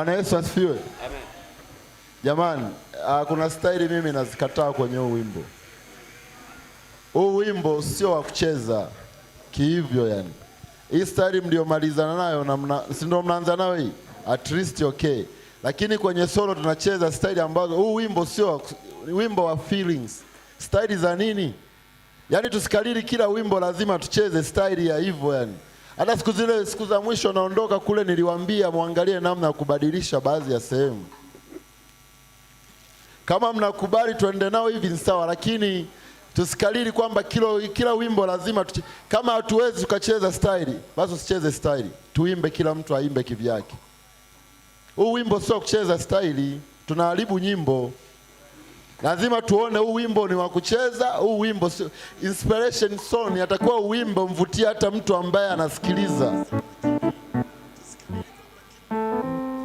Bwana Yesu asifiwe. Amen. Jamani, uh, kuna staili mimi nazikataa kwenye huu wimbo. Huu wimbo sio wa kucheza kihivyo, yani hii staili mliomalizana nayo na mna, si ndio mnaanza nayo hii at least okay, lakini kwenye solo tunacheza staili ambazo huu wimbo sio wimbo wa feelings. Staili za nini? Yaani tusikalili kila wimbo lazima tucheze staili ya hivyo yani hata siku zile siku za mwisho naondoka kule, niliwaambia muangalie namna ya kubadilisha baadhi ya sehemu. Kama mnakubali tuende nao hivi ni sawa, lakini tusikalili kwamba kila kila wimbo lazima tuche. Kama hatuwezi tukacheza staili, basi usicheze staili, tuimbe, kila mtu aimbe kivyake. Huu wimbo sio kucheza staili, tunaharibu nyimbo. Lazima tuone huu wimbo ni wa kucheza, huu wimbo si inspiration song, atakuwa wimbo mvutia hata mtu ambaye anasikiliza.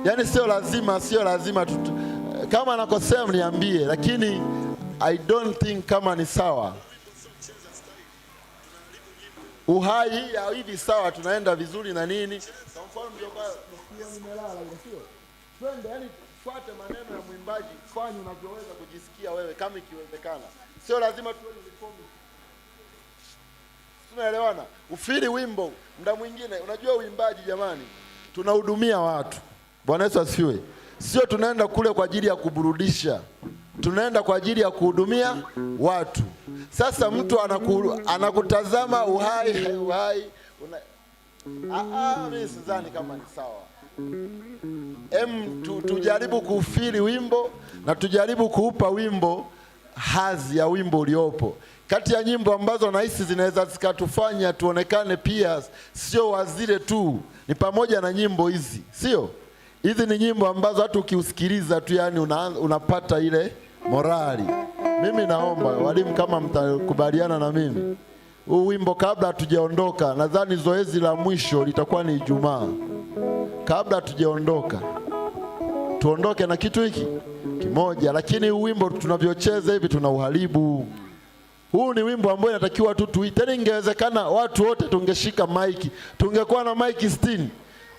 Yaani sio lazima, sio lazima tutu, kama anakosea mniambie, lakini I don't think kama ni sawa uhai hivi sawa, tunaenda vizuri na nini fuate maneno ya mwimbaji, fanye unavyoweza kujisikia wewe kama ikiwezekana. Sio lazima tuwe tunaelewana. Ufiri wimbo mda mwingine, unajua uimbaji, jamani, tunahudumia watu. Bwana Yesu asifiwe. Sio tunaenda kule kwa ajili ya kuburudisha, tunaenda kwa ajili ya kuhudumia watu. Sasa mtu anaku, anakutazama uhai uhai una... Ah, ah, mimi sidhani kama ni sawa em tu, tujaribu kufili wimbo na tujaribu kuupa wimbo hadhi ya wimbo uliopo. Kati ya nyimbo ambazo nahisi zinaweza zikatufanya tuonekane pia sio wazile tu ni pamoja na nyimbo hizi, sio hizi ni nyimbo ambazo hata ukiusikiliza tu yani una, unapata ile morali. Mimi naomba walimu, kama mtakubaliana na mimi huu wimbo kabla hatujaondoka. Nadhani zoezi la mwisho litakuwa ni Ijumaa, kabla hatujaondoka, tuondoke na kitu hiki kimoja. Lakini huu wimbo tunavyocheza hivi tuna uharibu. Huu ni wimbo ambao inatakiwa tu tuite. Tena yaani ingewezekana watu wote tungeshika maiki, tungekuwa na maiki sitini,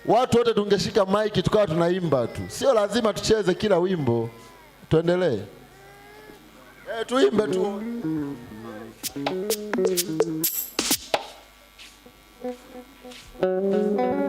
watu wote tungeshika maiki tukawa tunaimba tu, sio lazima tucheze kila wimbo. Tuendelee, eh, tuimbe tu. Música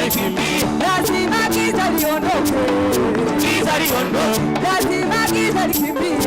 nikimbie, lazima giza likimbie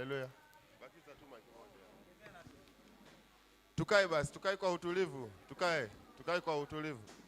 Haleluya. Tukae basi, tukae kwa utulivu, tukae, tukae kwa utulivu.